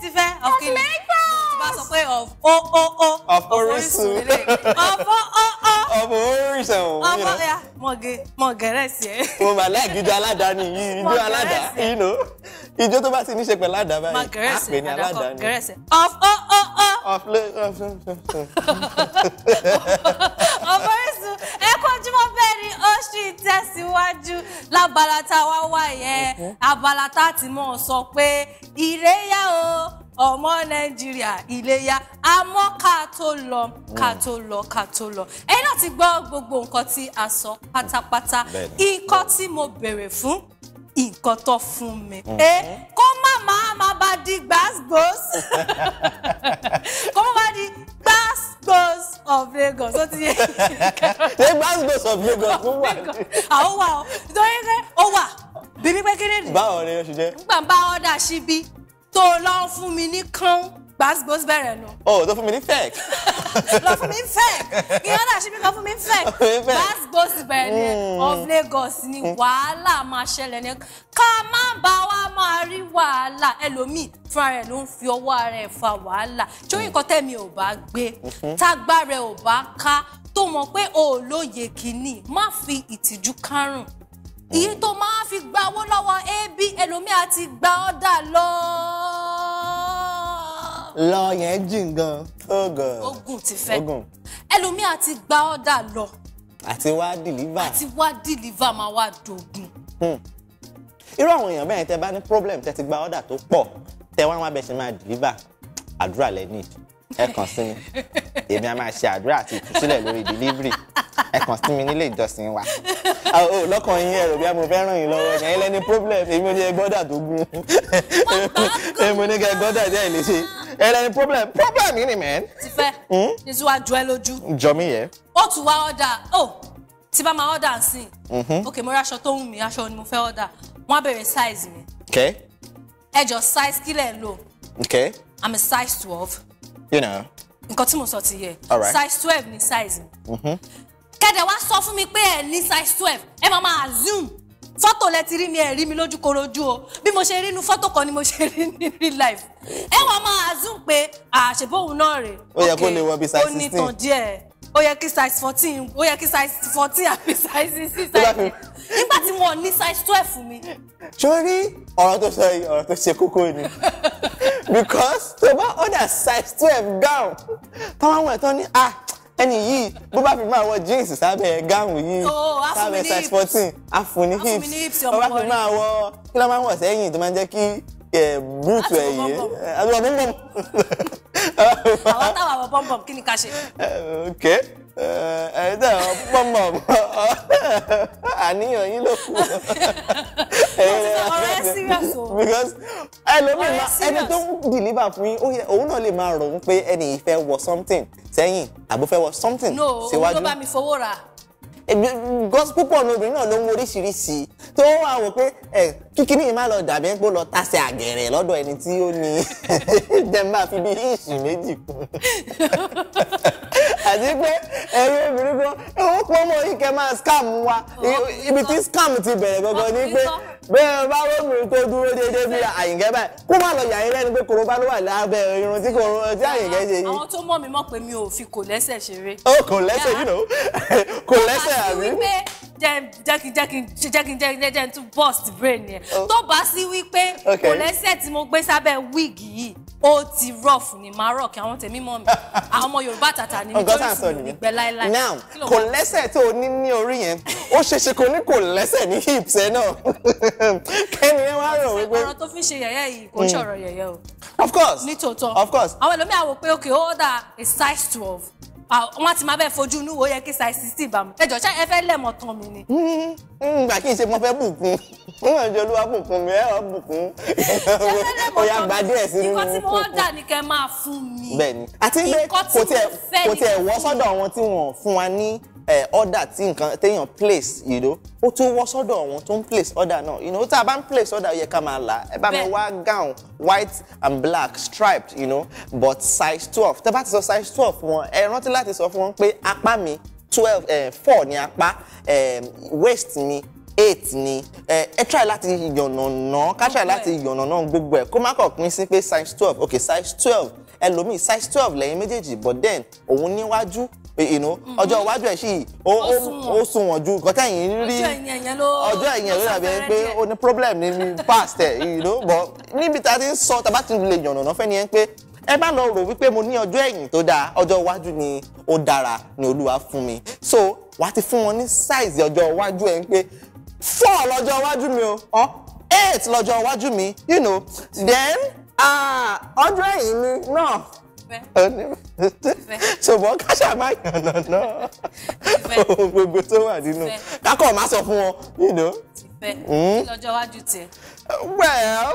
tífẹ́tífẹ́ of kí ni tí sọ pé of o o o of orísun of o o o of orísun of o ya mọ̀gẹ̀ mọ̀gẹ̀rẹ̀ sí ẹ. mo mà láì gidi aládàáni yìí ijó aládàá yìí nò ijó tó bá ti ní í ṣe pẹ̀lú aládàá báyìí àpè ní aládàáni. of o o o of of orísun ẹ kọjúmọ́ bẹ́ẹ̀ ni ó ṣì tẹ̀síwájú lábala tá a wá wá yẹn abala tá a ti mọ̀ sọ pé ìléyà o ọmọ nàìjíríà ìléyà àmọ́ ká tó lọ ká hmm. tó lọ ká tó lọ ẹ̀yin náà ti gbogbo nǹkan tí a sọ pátápátá nǹkan tí mo béèrè fún nǹkan tó fún mi hmm. ẹ kó má máa má bá di gbàgbós kó má bá di gbàgbós of Lagos ó ti yẹ kí n kẹ́kọ̀ọ́. gbàgbós of Lagos ó wà. àwọn wà ó nítorí pé ó wà bíbí pé kíni rè. báwo ni o ṣe jẹ́. nígbà bá ọ̀dà síbi tó lọ fún mi ní kán gbàgbó bẹ̀rẹ̀ nù. o oh, tó fún mi ní fẹ́ẹ̀k. lọ fún mi ní fẹ́ẹ̀k kí ọ̀dà síbi kan fún mi ní fẹ́ẹ̀k gbàgbó bẹ̀rẹ̀ hmm. of Lagos ni wàhálà máa ṣẹlẹ̀ ní ká má bá wa máa rí wàhálà ẹlòmíì fúnra rẹ̀ ló ń fi ọwọ́ ara ẹ̀ fa wàhálà tí ó yìn kan tẹ̀mí ò bá gbé mm-hmm. tágbá rẹ̀ ò bá ká tó mọ̀ pé òòlóye kìíní má fi ìtìjú kárùn-ún iye tó máa fi gba owó lọ́wọ́ ab ẹlòmíà ti gba ọ́dà lọ. lọ yẹn jìn gan ogun oh ogun ti fẹ́ ẹlòmíà ti gba ọ́dà lọ. àti wá dìlíva àti wá dìlíva máa wá dogun. Hmm. irú àwọn èèyàn bẹ́ẹ̀ tẹ bá ní problem tẹ ti gba ọ́dà tó pọ̀ tẹ wá wá bẹ ṣe máa dìlíva àdúrà lẹ́ni ẹ kàn sí mi èmi a máa ṣe àdúrà àti ìtúsílẹ̀ lórí delivery ẹ kàn sí mi nílé ìjọsìn wa o lọ́kàn yín ẹ̀rọ bí mo fẹ́ ràn yín lọ́wọ́ ẹ̀yin lẹ́ni problem èmi ò ní ẹ gbọ́dà tó gún èmi ò ní kẹ gbọ́dà jẹ́ ìléṣe ẹ̀yin problem problem yìí ni mẹ́. ti fẹ́ ní tí wàá jọ ẹ lójú. jọ mi yẹ. ó tún wá ọ̀dà ó oh, tí bá máa ọ̀dà sí i ok mo rí aṣọ tó wù mí aṣọ ni mo fẹ́ ọ̀dà wọ́n á bèrè size mi. okay. ẹ jọ size kílẹ̀ ń lò. okay. i'm a size twelve. you know. nǹkan tí mo sọ ti yẹ. all right. size twelve ni size mi. Mm-hmm kẹ́dẹ̀ wá sọ fún mi pé ẹ̀ ní size twelve ẹ máa máa zoom fọ́tò lẹ ti rí mi ẹ̀ rí mi lójú korojú o bí mo ṣe rí inú fọ́tò kan ni mo ṣe rí ní real life ẹ wàá máa zoom pé àṣebóhùn náà rè ó yẹ kó ní wọn bí size sixteen ó ní tàn díẹ̀ ó yẹ kí size fourteen ó yẹ kí size fourteen àbí size sixteen size nígbà tí wọn ní size twelve mi. sórí ọ̀rọ̀ tó sọ yìí ọ̀rọ̀ tó ṣe kókó ni because tó bá order size twelve gown táwọn àwọn ẹ̀tọ́ ní ah ẹni yìí bó bá fi máa wọ jeans sábẹ́ gáàmù yìí oh, sábẹ́ size fourteen àfùní hips bó bá fi máa wọ kí ló máa ń wọ̀ sẹ́yìn tó máa ń jẹ́ kí búùtù ẹ̀ yé àti ọ̀bùnbùn pọ́npọ́n kí ni ká ṣe. ok ẹ̀ẹ́dẹ̀ pọ́npọ́n àníyàn yín ló kù. ọ̀rọ̀ ẹ serious o. because ẹlòmíì ẹni tó deliver fún yín òun náà lè máa rò ó pé ẹni ìfẹ́ wọ something sẹ́yìn àbò fẹ́ wọ something no òun ló bá mi fowó rà púpọ̀ ní obìnrin náà ló ń mú oríṣiríṣi tó wà wò pé kíkiri yìí má lọ dàbí ẹ̀ ń pò lọ tàṣẹ àgẹ̀rẹ̀ lọ́dọ̀ ẹni tí ó ní jẹ́ ń fi bí ìṣì méjì kún. àti pé ẹ̀yin obìnrin kan owó pọ́nmọ́ yìí kẹ́ máa scam wa ibi tí scam ti bẹ̀rẹ̀ gangan ni pé bẹ́ẹ̀ bá obìnrin tó dúró déédéé bí àyìnkẹ́ báyìí kó má lọ yàyín lẹ́nu pé kòró bá ló wà lábẹ́ irun tí kòró tí àyìnkẹ́ ṣe yìí. àwọn tó mọ̀ mí mọ̀ pé mi ò fi kò lẹ́sẹ̀ ṣeré. ó oh, kò lẹ́sẹ̀ yìí nò kò lẹ́sẹ̀ àbí jẹ́kíjẹ́kíjẹ́kíjẹ́kíjẹ́ tún burst brain yẹn oh. tó bá sí wípé kò lẹ́sẹ̀ tí mo gbé sábẹ́ wig yìí ó ti rough ni máa rock àwọn tèmi mọ̀ mi àwọn ọmọ yorùbá tàtà ni mi tó ń sùn mí gbẹ láéláé. now kò lẹ́sẹ̀ tó o ní ní orí yẹn ó ṣeéṣe kò ní kò lẹ́sẹ̀ ní hips ẹ náà kẹ́ni ẹ wá rò wípé. ọ̀rọ̀ tó fi ṣe yẹ̀yẹ́ yìí kò ṣọ̀rọ̀ hmm. yẹ̀yẹ́ o. of course ní tòótọ́ of course àwọn ẹlòmíà wò pé okay ó dà a size twelve Ah, wọ́n ti máa bẹ́ẹ̀ fojú inú wo yẹ kí size sixteen bá mu ẹjọ́ ṣé ẹ fẹ́ lẹ́mọ̀ tán mi ni. ìgbà hmm, kí n ṣe mo fẹ́ bùkún wọn yàn jọ olúwa bùkún mi ẹ ọ bùkún ọyà gba díẹ̀ sí nínú. nǹkan tí mo wá dà ní kẹ́ máa fún mi. bẹ́ẹ̀ni àti pé kò tiẹ̀ wọ́ sọ́dọ̀ àwọn tí wọ́n fún wa ní order tí nǹkan téèyàn place you know ó tún wọ́ sọ́dọ̀ àwọn tó ń place order náà you know tá a bá ń place order yẹ ká máa là ẹ bá mi wá gown white and black striped you know but size twelve tẹ́ bá ti sọ size twelve wọn ẹ rántí láti sọ fún wọn pé apá mi twelve four ní apá waist mi eight ni ẹ ẹ try láti yànnàná ká try láti yànnàná gbogbo ẹ kó má kàn pín sí pé size twelve Okay, size twelve ẹlòmíì size twelve lẹ́yìn méjèèjì but then òun níwájú ìnú mm-hmm. ọjọ́ iwájú ẹ̀ sì ó sùn wọ̀n ju nǹkan tẹ̀yìn rí ọjọ́ ìyẹn ló dàbí ẹni pé ó ní problem ní past ẹ̀ ìnú bọ̀ níbi tá a ti ń sọ tá a bá ti lè yànnàná fẹ́ ni ẹ ń pé ẹ bá lọ rò wípé mo ní ọjọ́ ẹ̀yìn tó dáa ọjọ́ iwájú ni ó dára ni olúwa fún mi so wàá ti fún wọn ní size ọjọ́ iwájú ẹ̀ ń pé four lọ́jọ́ iwájú mi o eight lọ́jọ́ iwájú mi you know then ah, ọjọ́ ẹ̀yìn mi náà ìfẹ́. ṣùgbọ́n káṣà má yànnà náà ohun gbogbo tó wà nínú kákọ̀ má sọ fún wọn yìnyín. ìfẹ́ hmm? kí lọ́jọ́ iwájú tiẹ̀. well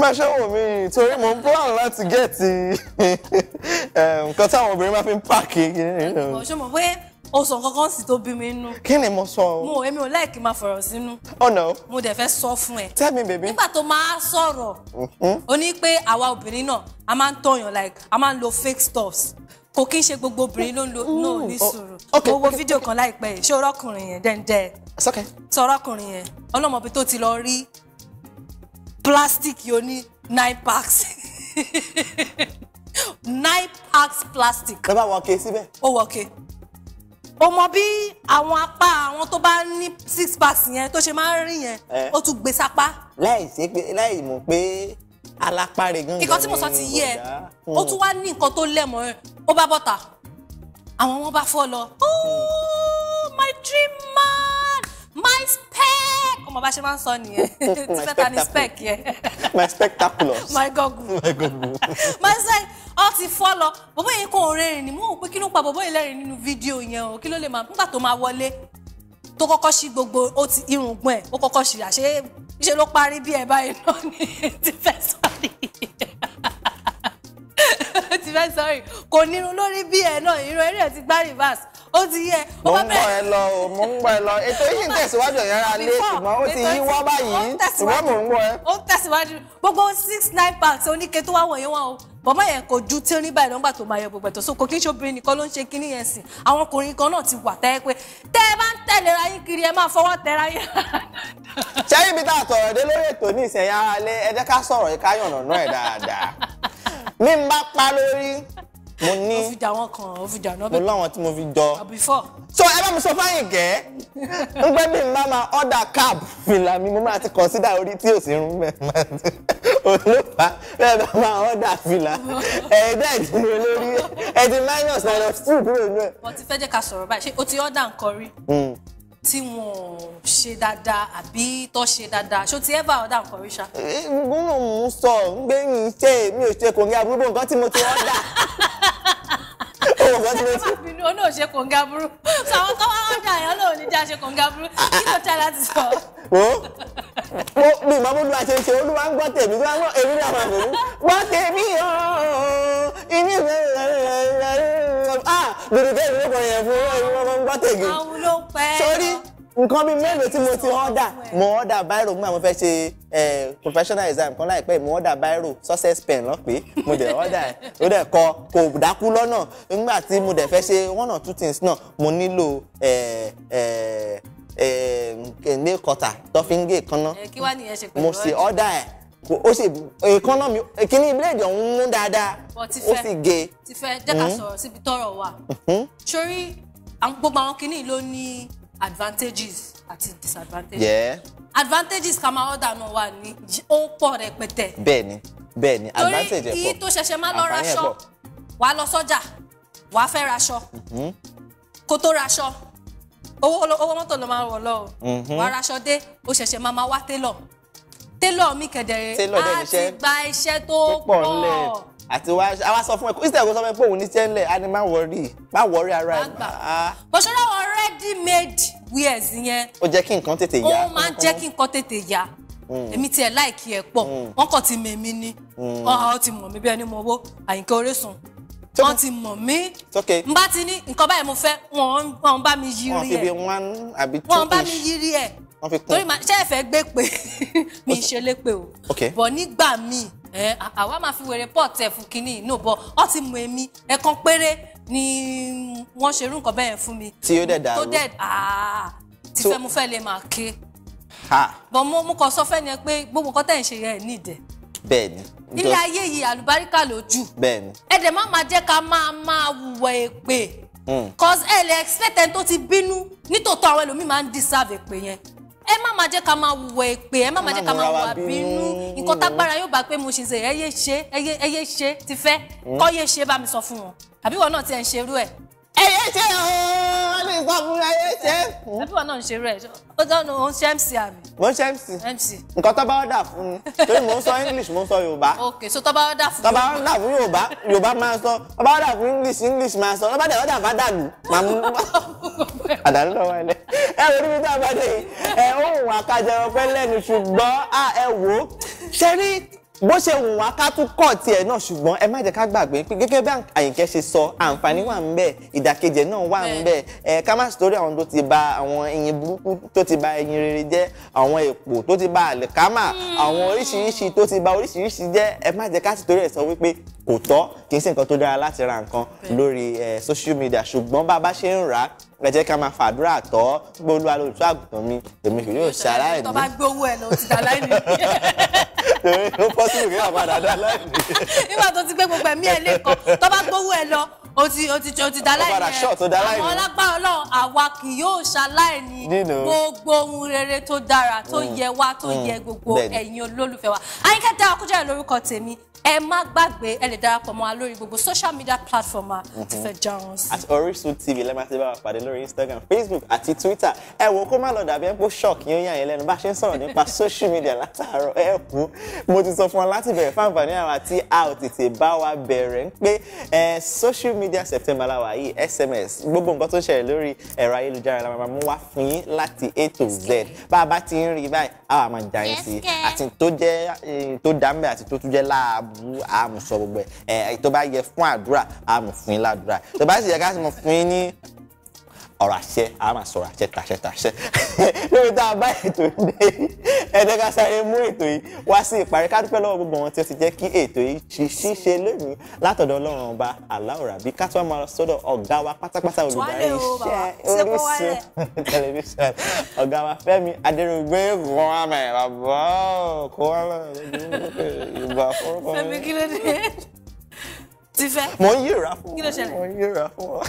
máa ṣọ́wọ́ mi torí mo ń plan láti gẹ̀ẹ́tì eh, nǹkan táwọn obìnrin máa fi ń pààkì. ṣé mo pé o sọ kankan sì tó bí mi nú. kí ni mo sọ o. mo èmi ò láìkí máa fọ̀rọ̀ sínú. oh no. mo dẹ̀ fẹ́ sọ fún ẹ. tell me baby. nígbà tó máa sọ̀rọ̀ o mm-hmm. ní pé àwa obìnrin náà a máa ń tọyàn like a máa ń lo fake stuffs kò kí n ṣe gbogbo obìnrin ló ń lo no ní oh, sùúrù mo wo fídíò kan láìpẹ́ yìí ṣé ọ̀rọ̀kùnrin yẹn dẹ́ndẹ́ sọ̀rọ̀kùnrin yẹn ọlọ́mọbi tó ti lọ rí plastic yìí ó ní nine packs nine packs plastic. bàbá wọ ọkẹ síbẹ̀. ó wọ ọkẹ o mọ bí àwọn apá àwọn tó bá ní six pass yẹn tó ṣe máa ń rí yẹn ó tún gbé sápá. láì ṣe pé láì mọ̀ pé ni ìkan tí mo sọ ti yẹ ó tún wá ní nǹkan tó lẹ̀ ẹ ó bá bọ́ta àwọn wọn bá fọ́ lọ oh my dream man my spec ọmọ bá ṣe máa ń sọ nìyẹn tí fẹ́ta ni spec yẹn. my spectaculous my goggle my goggle my spec ọ ti fọ́ lọ bọ́bọ́ yẹn kò rẹ́rìn ni mo rò pé kí ló ń pa bọ́bọ́ yẹn lẹ́rìn nínú fídíò yẹn o kí ló lè máa nígbà tó máa wọlé tó kọ́kọ́ sí gbogbo ó ti irùngbọ̀n ẹ̀ ó kọ́kọ́ sí àṣé ṣe ló parí bí ẹ báyìí náà ní ti fẹ́ sọ́ọ̀rì ti fẹ́ sọ́ọ̀rì kò nírun lórí bí ẹ náà irun eré ẹ ti gbá reverse ó ti yẹ. mo ń gbọ́ ẹ lọ mo ń gbọ́ ẹ lọ ètò yìí ń tẹ̀síwájú ọ̀yẹ́ ra lé ṣùgbọ́n ó ti yí wá báyìí ṣùgbọ́n mo ń gbọ́ ẹ. ó ń tẹ̀síwájú gbogbo six nine packs oníke tó wá wọ̀nyí o bọ́mọ yẹn kò ju tí ó ní báyìí lọ́gbà tó máa yẹ gbogbo ẹ̀tọ́ so kò kí n ṣe nìkan ló ń ṣe kínní yẹn sìn àwọn ọkùnrin kan náà ti wà tẹ́ pé tẹ́ ẹ bá ń tẹ̀léra yín kiri ẹ máa fọwọ́ tẹ̀ra yín. sẹ́yìn bí táà tọ̀rọ̀ dé lórí ètò ní ìsẹ̀yìn ara lé ẹ ká sọ̀rọ̀ yìí ká yànnà náà ẹ̀ dáadáa mi ń bá pa lórí mo ní mo láwọn tí mo fi jọ so ẹ bá mi sọ fáyìn gẹ́ ń pẹ́ bí n bá máa order cab fìlà mi mo máa ti consider orí tí ò sí rún bẹ́ẹ̀ olófà bẹ́ẹ̀ bá máa ọ̀dà fìlà ẹ̀ẹ́dẹ́ ìdílé olórí ẹ̀ ti minus nine of two kúrò ní ẹ̀. wọ́n ti fẹ́ jẹ́ ká sọ̀rọ̀ báyìí ṣé o ti ọ̀dà nǹkan rí hmm. tí wọn ò ṣe dáadáa àbí tó ṣe dáadáa ṣó ti ever order nǹkan rí ṣá. gbọ́dọ̀ eh, mú sọ gbẹ̀yìn iṣẹ́ mi ò ṣe kò ní àbúrò nǹkan tí mo ti order. ọ̀nà òṣè kòǹgà burú sọ àwọn kan wá ọjà yẹn lòun níjà ṣe kòǹgà burú ah, ah, kí ló tẹ́ láti sọ. Ah. wo mo mi ìmọ̀ bó lu àṣẹ ṣe olúwa ń gbọ́ tèmi gbọ́ àwọn èmi náà máa fèmí gbọ́ tèmi ìní mi ah dùdù tèmi ló kọ yẹn fún ọmọ gbọ́ tèmi. àwọn ló pẹ́ sórí nǹkan bíi mélòó tí mo ti ọ́dà mo ọ́dà bírò mú mo fẹ́ ṣe eh, professional exam kan láìpẹ́ mo ọ́dà bírò success pen lọ́pẹ́ mo dẹ̀ ọ́dà ẹ̀ ó dẹ̀ kọ kò dákú lọ́nà nígbà tí mo dẹ̀ fẹ́ ṣe one or two things náà mo nílò eh, eh, nail cutter tó fi ń gé èékánná mo sì ọ́dà ẹ̀ ó sì èékánná mi kíní bíléèdì ọ̀hún mú dáadáa ó sì gé. ti fẹ́ jẹ́ ká hmm. sọ̀rọ̀ síbi tọ́rọ̀ wà hmm. sórí gbogbo àwọn kinní ló ní advantages àti disadvantages. Yeah. advantages ká máa order náà wà ní ó pọ̀ rẹpẹtẹ. bẹ́ẹ̀ni bẹ́ẹ̀ni advantage ẹ pọ̀ torí iye tó ṣẹ̀ṣẹ̀ máa lọ raṣọ wàá lọ sọ́jà wàá fẹ́ raṣọ mm-hmm. kó tó raṣọ owó owó mọ́tò ló máa ń wọ̀ lọ o mm-hmm. wàá raṣọ dé ó ṣẹ̀ṣẹ̀ máa máa wá télọ̀ télọ̀ mi kẹ̀dẹ̀rẹ̀ àti gba iṣẹ́ tó pọ̀ àti wá sọ fún ẹ kó ìsìtẹ̀ kó sọ fún ẹ pé òun níṣẹ́ ńlẹ̀ á ní má wọrí má wọrí ara ẹ. Ah. bọ̀ṣọ́rọ̀ ready made wears yẹn. ó jẹ́ kí nǹkan tètè yá. ó máa ń jẹ́ kí nǹkan tètè yá hmm. èmi tiẹ̀ láìkí ẹ̀ pọ̀ hmm. wọ́n kàn ti mèmí ni hmm. ọ̀hún ti mọ̀ mí bí ẹni mọ owó àyìnkẹ́ orísun wọ́n ti mọ̀ mí n bá ti ní nǹkan báyìí mo fẹ́ wọ́n bá mi yiri ẹ̀ wọ́n bá mi yiri ẹ̀ torí ma ṣe é fẹ́ gbé pé mi ṣe lé pé o bọ̀ nígbà míì àwa máa fi wèrè pọ̀ tẹ̀ fún kínní ìnú bọ̀ ọ́ ti mọ̀ èmi ẹ̀kan péré ni wọ́n ṣerú nǹkan bẹ́ẹ̀ fún mi. tí ó dẹ̀ dàrú tó dẹ̀ ah, tí fẹ́ mo fẹ́ lè máa ké. bọ̀ mo mo kàn sọ fẹ́ni ẹ pé gbogbo nǹkan tẹ̀ ń ṣe yẹn ní ìdẹ. bẹ́ẹ̀ni. ilé ayé yìí àlùbáríkà ló jù. bẹ́ẹ̀ni. ẹ dẹ̀ má máa jẹ́ ká máa máa wùwà èpè. Hmm. cause ẹ lè expect ẹni tó ti bínú nítòótọ́ àwọn ẹlòmíì máa ń deserve èpè yẹn ẹ má máa jẹ́ ká máa wọ èpè ẹ má máa jẹ́ ká máa wà bínú nǹkan tágbára yóò bá pé mo ṣe ṣe ẹ yé ṣe ẹ yé ṣe ti fẹ́ hmm? kọ́ yé ṣe bá mi sọ fún wọn àbí wọn náà ti ẹ̀ ń ṣerú ẹ̀ ẹyẹ ṣe ooo lè sọ fún mi ẹyẹ ṣe. ẹbí wa náà ń ṣe rẹ ó dáná òun ṣe mc àmì. mo ń mc nǹkan tó bá ọ̀dà fún mi torí mo ń sọ english mo ń sọ yorùbá. ok so tó bá ọ̀dà fún yorùbá. tó bá ọ̀dà fún yorùbá yorùbá máa sọ tó bá ọ̀dà fún english english máa sọ tó bá ọ̀dà fún àdàlù máa mú. àdàlù lọ́wọ́ ẹ lẹ ẹ wo níbi tí a bá dé yìí ẹ ó wà kájọ ọpẹ lẹ́nu ṣùgbọ́n ẹ wò ó bó ṣe wù wá ká tún kọ̀ tiẹ̀ náà ṣùgbọ́n ẹ má jẹ́ ká gbàgbé pé gẹ́gẹ́ bí àyìnkẹ́ ṣe sọ àǹfààní wà ń bẹ ìdàkejì náà wà ń bẹ ẹ ká má sọ̀rọ̀ àwọn tó ti ba àwọn ẹyin burúkú tó ti ba ẹyin rere jẹ́ àwọn èpò tó ti ba àlìkámà hmm. àwọn oríṣiríṣi tó ti ba oríṣiríṣi jẹ́ ẹ má jẹ́ ká sì torí ẹ̀ sọ wípé kò tọ́ kì í ṣe nǹkan tó dára láti ra nǹkan lórí social media ṣùgbọ́n bá a bá ṣe ń rà á ẹ jẹ́ ká máa fàdúrà tọ́ gbogbo olúwa lóòótọ́ àgùntàn mi èmi kì yóò ṣe aláìní. tó bá ẹ lọ ti dà láìní. lórí ló pọ́ sí ìwé àpàdà dá láìní. nígbà tó ti gbé gbogbo ẹ̀mí ẹ̀ lẹ́kọ̀ọ́ tó bá ẹ lọ o ti o ti o ti da láìní ẹ àwọn alágbára Ọlọ́run àwa kì yóò ṣaláìní gbogbo ohun rere tó dára tó mm. yẹ wá tó yẹ mm. gbogbo ẹ̀yin olólùfẹ́ wa Àyìnkẹ́ Dára Kújẹ́rẹ́ lórúkọ tèmi ẹ má gbàgbé ẹ lè darapọ̀ mọ́ wa lórí gbogbo social media platform wa ti mhm. fẹ́ jarun sí. àti Orísun TV lẹ́ẹ̀ máa ti bá wa pàdé lórí Instagram Facebook àti Twitter ẹ wo kó má lọ dàbí ẹ pé shock yóò yàn yín lẹ́nu bá ṣe ń sọ̀rọ̀ nípa social media látàárọ̀ ẹ kú mo ti sọ fún wa láti bẹ̀rẹ̀ fáǹfààní àwọn àti a ò tètè bá wa bẹ̀rẹ̀ ń pé social media September la wà yìí SMS gbogbo nǹkan tó ṣẹlẹ̀ lórí ẹ̀rọ ayélujára la máa mú wá fún yín láti to Z bá a bá ti ń a máa jà yín sí àti tó jẹ́ tó bú àmùsọ gbogbo ẹ̀ tó bá yẹ fún àdúrà àmùfún yín ládùúrà tó bá sì yẹ ká sì mọ̀ fún yín ní ọ̀rọ̀ àṣẹ a máa sọ̀rọ̀ àṣẹ tàṣẹ tàṣẹ lórí tá a bá ètò yìí dé ẹ̀dẹ́ ká sáré mú ètò yìí wá sí ìparí ká dúpẹ́ lọ́wọ́ gbogbo wọn tí ó ti jẹ́ kí ètò yìí ṣíṣe lónìí látọ̀dọ̀ ọlọ́run ọba aláwòrán bí ká tó wá máa lọ sọ́dọ̀ ọ̀gá wa pátápátá olùdarí iṣẹ́ Orísun tẹlifíṣàn ọ̀gá wa Fẹ́mi Adérògbé wọn á máa bàbá kó wá máa ìgbà fọ́rọ́kọ mi. kí ló dé? Ti fẹ́. Mo ń yíra fún wọn. Mo ń yíra fún wọn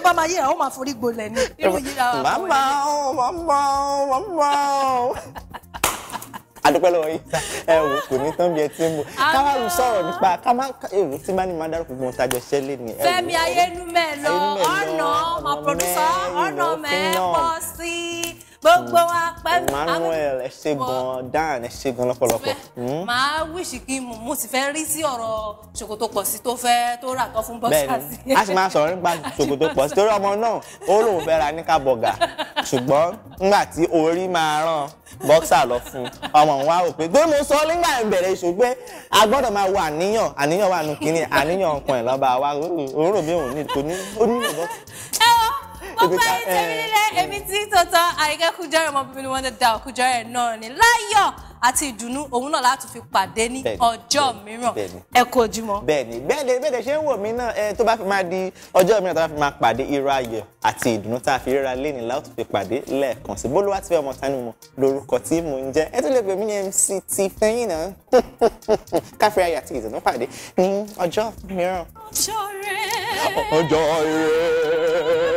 tó bá máa yé àwọn máa forí gbolẹ̀ ni irú yíra wa. màmá o màmá o màmá o. adúpẹ́ lọ́wọ́ yìí ẹ wò kò ní tán bí ẹ ti ń bọ̀ káwáru sọ̀rọ̀ nípa ká má èrò tí bá ní máa dárúkọ gbọ́n tá ṣẹ́ lé ni. Fẹ́mi ayélujára ọ̀nà ọ̀nà mẹ́ẹ̀ pọ̀ sí gbogbo wa pẹ̀lú. Emmanuel ẹ ṣé gan Dan ẹ ṣé gan lọ́pọ̀lọpọ̀. Hmm? màá wíṣì kí mo ti fẹ́ rí sí ọ̀rọ̀ ṣòkòtò pọ̀ sí tó fẹ́ tó rà tán fún bọ́sà sí. bẹ́ẹ̀ni a sì máa sọ̀rọ̀ nípa ṣòkòtò pọ̀ sí torí ọmọ náà ó lóun fẹ́ ra níkà bọ̀gà ṣùgbọ́n nígbà tí orí máa ràn bọ́sà lọ fún ọmọ wa rò pé gbé mo sọ nígbà ìbẹ̀rẹ̀ ìṣó pé a gbọ́dọ̀ máa wo àníyàn àníyàn wà nù kínní àníyàn ọkàn ẹ̀ lọ́ba wa òun rò bí òun ní ìtòní ó ní ìbọn gbogbo ẹni tẹ́mi nílẹ̀ èmi tí tọ́tọ́ Àríkẹ́ da Kújọ́rẹ̀ náà ni láyọ̀ àti ìdùnnú òun náà láti fi pàdé ní ọjọ́ mìíràn ẹ kú ojúmọ́. bẹ́ẹ̀ni bẹ́ẹ̀ni bẹ́ẹ̀ni ṣé ń wò mí náà eh, tó bá fi máa di ọjọ́ mìíràn tó bá fi máa pàdé irú ayọ̀ àti ìdùnnú tá a fi ríra lẹ́ni láti fi pàdé lẹ́ẹ̀kan sí bólúwá ti fẹ́ ọmọ tani mo lórúkọ tí mò ń jẹ́ ẹ tún lè pè mí ní MC ti fẹ́yìn náà káfíń ayọ̀ àti ìdùnnú pàdé ní ọjọ́ mìíràn. ọjọ́ rẹ̀ ọjọ́ rẹ̀.